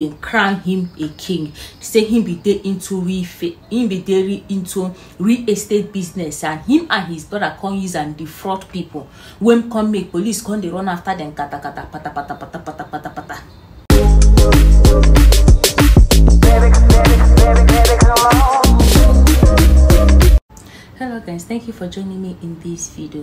they crown him a king say him be dey into real him be dey into real estate business and him and his brother come use am defraud people wey come make police come dey run after dem katakata patapata patapata patapata for joining me in this video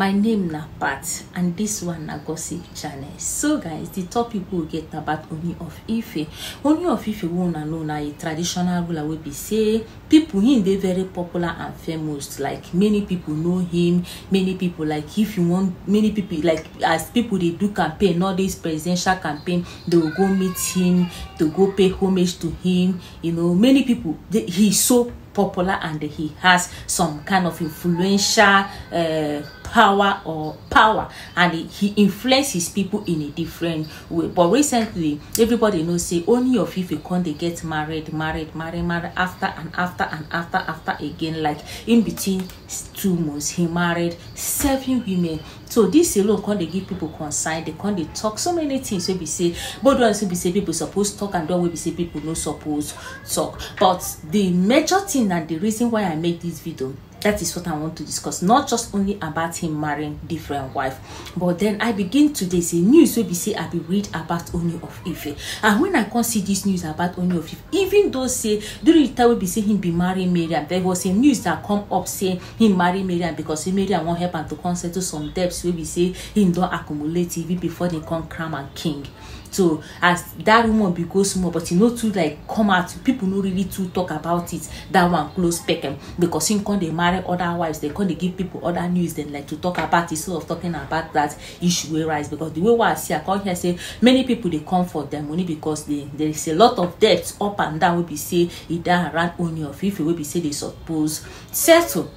my name na pat and this one na gossip channel so guys the topic we we'll get about oni of ife oni of ife wey una know na a traditional ruler wey be say people him dey very popular and famous like many people know him many people like if you wan many people like as people dey do campaign all this presidential campaign they will go meet him to go pay homage to him you know many people they, he so popular and he has some kind of influential uh, power or power and he influences people in a different way but recently everybody know say only of if you come dey get married married married married after and after and after after again like in between two months he married seven women so this alone come dey give people concern dey come dey talk so many things wey be say both ones wey be say people suppose talk and don wey be say people no suppose talk but the major thing and the reason why i make this video that is what i want to discuss not just only about him marrying different wife but then i begin today say news wey be say i be read about Ooni of Ife and when i come see this news about Ooni of Ife even though say during the time wey be say him be marry Mariam there was a news that come up say him marry Mariam because say Mariam wan help am to come settle some debts wey be say him don accumulate even before they come crown am king so as that woman bin go small but e no too like come out people no really too talk about it that one close pekem because him come dey marry other wives dem come dey give people other news dem like to talk about instead of talking about that issue wey rise because the way wey i see i come hear say many people dey come for their money because they there is a lot of debt up and down wey be say e dey around onion fifi wey be say they suppose settle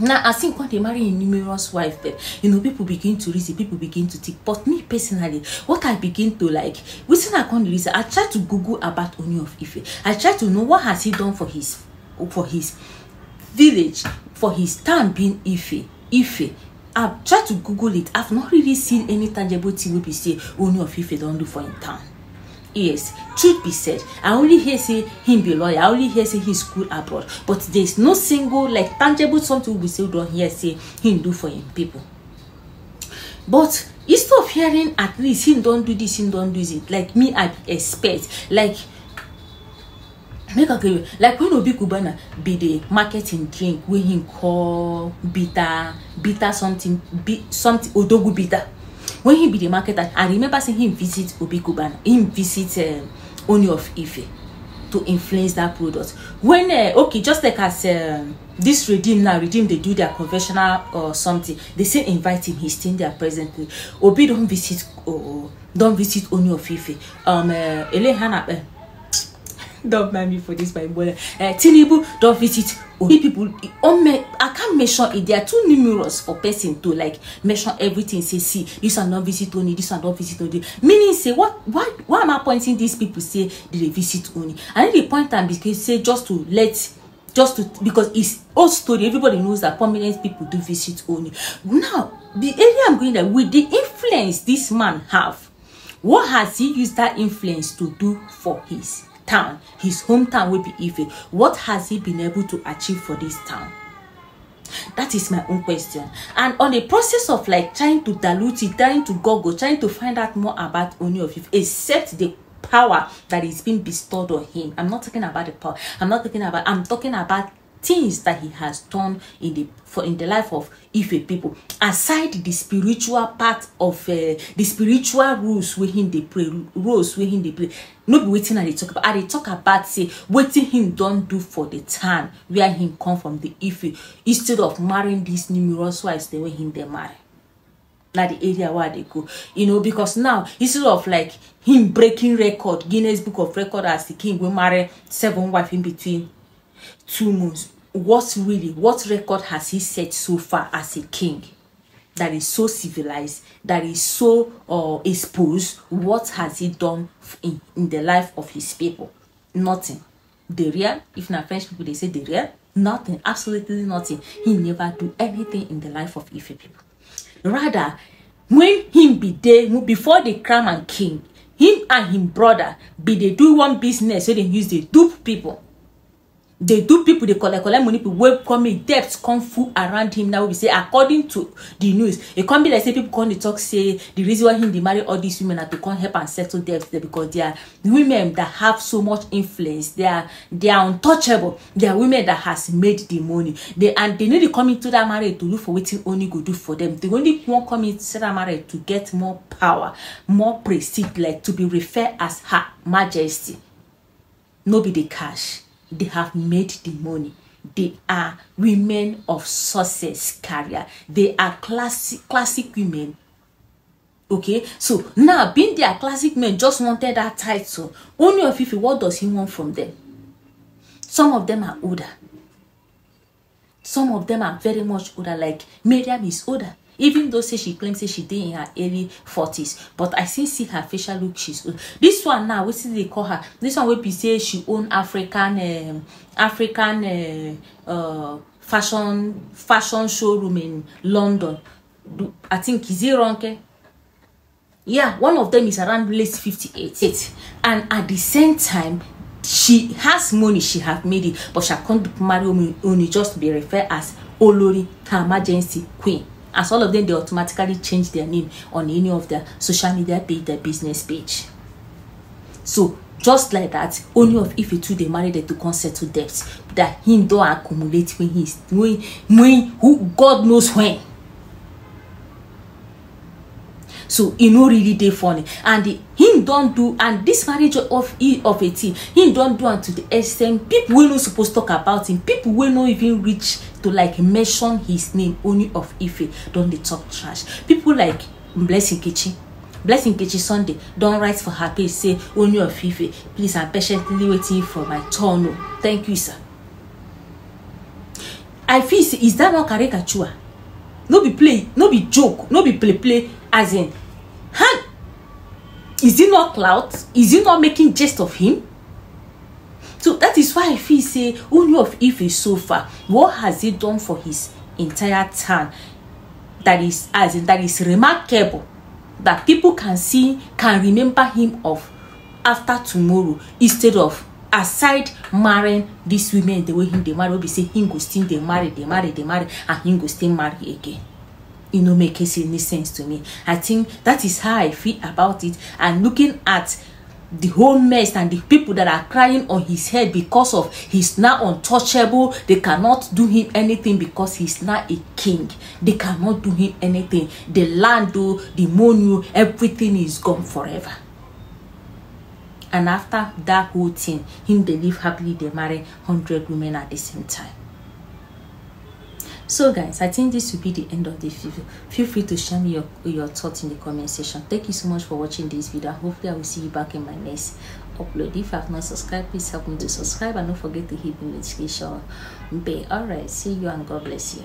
Now, as in when they marry a numerous wife, babe, you know, people begin to reason, people begin to think. But me personally, what I begin to like, within I can't reason, I try to Google about Ooni of Ife. I try to know what has he done for his for his village, for his town being Ife. Ife. I try to Google it. I've not really seen any tangible thing we be say Ooni of Ife don do for him town. Yes, truth be said i only hear say him be lawyer i only hear say he's school abroad but there's no single like tangible something we still don hear say him do for him people but instead of hearing at least him don't do this him don't do it like me i expect like make a gree like when obi kubana be the marketing drink wey he call bitter bitter something bi something odogwu bitter when he be the marketer i remember say him visit obi kubana him visit um, oni of ife to influence that product when uh, okay just like as um, this redeem now redeem dey do their conventional or uh, something they say invite him he still there presently obi don visit uh, oh, don visit oni of ife um, uh, elehana uh, don't mind me for this my boy. uh, eh, tinubu don visit obi people i can mention it they are too numerous for person to like mention everything say see this one don visit oni this one don visit oni meaning say what why why am i pointing these people say they dey visit oni i no dey point am because say just to let just to because it's old story everybody knows that prominent people do visit oni now the area i'm going there with the influence this man have what has he used that influence to do for his town his hometown wey be ife what has he been able to achieve for this town that is my own question and on the process of like trying to dilute it trying to google trying to find out more about oni of ife except the power that is being bestowed on him i'm not talking about the power i'm not talking about i'm talking about things that he has done in the for in the life of Ife people aside the spiritual part of uh, the spiritual rules within the pray rules within the pray no be wetin i dey talk about i dey talk about say wetin him don do for the town where him come from the Ife instead of marrying these numerous wives the way him dey marry na the area where i dey go you know because now instead of like him breaking record guinness book of record as the king wey marry seven wife in between two months what really what record has he set so far as a king that is so civilized that is so uh, exposed what has he done in, in the life of his people nothing the real if na french people they say the real nothing absolutely nothing he never do anything in the life of ife people rather when him be there before the crown and king him and him brother be they do one business wey so dem use the dupe people dey do people dey collect collect money people wey come in debt come full around him now we say according to the news e come be like say people come dey talk say the reason why him dey marry all these women na to come help am settle debt there because they are women that have so much influence they are they are untouchable they are women that has made the money they and they no dey come into that marriage to look for wetin only go do for them they only wan come into that marriage to get more power more prestige like to be referred as her majesty no be the cash they have made the money they are women of success career they are classic classic women okay so now being their classic men just wanted that title only of if what does he want from them some of them are older some of them are very much older like Miriam is older even though say she claim say she dey in her early forties, but i still see her facial look she's old. this one now wetin they call her this one wey be say she own african um, african uh, uh, fashion fashion showroom in london Do, i think is it ronke eh? yeah one of them is around late fifty eight. and at the same time she has money she have made it but she can't marry only just be referred as olori her emergency queen as all of them they automatically change their name on any of their social media page their business page so just like that only of if two dey marry dem to come settle debt that him don accumulate when he when when who god knows when so e no really dey funny and the, him don do and this marriage of e of a team, him don do am to the extent people wey no suppose talk about him people wey no even reach to like mention his name only of Ife don dey talk trash people like Blessing Nkechi blessing nkechi sunday don write for her page say only of Ife please i'm patiently waiting for my turn o oh. thank you sir i feel say is that one caricature no be play no be joke no be play play as in huh? is he not clout is he not making jest of him so that is why i feel say Ooni of if he so far what has he done for his entire town that is as in that is remarkable that people can see can remember him of after tomorrow instead of aside marrying this women the way him dey marry be say him go still dey marry dey marry dey marry and him go still marry again e no make any sense to me i think that is how i feel about it and looking at the whole mess and the people that are crying on his head because of he's now untouchable they cannot do him anything because he's now a king they cannot do him anything the land o the money everything is gone forever and after that whole thing him they live happily They marry hundred women at the same time so guys i think this will be the end of the video feel free to share me your your thoughts in the comment section thank you so much for watching this video hopefully i will see you back in my next upload if you have not subscribed please help me to subscribe and don't forget to hit the notification bell all right see you and god bless you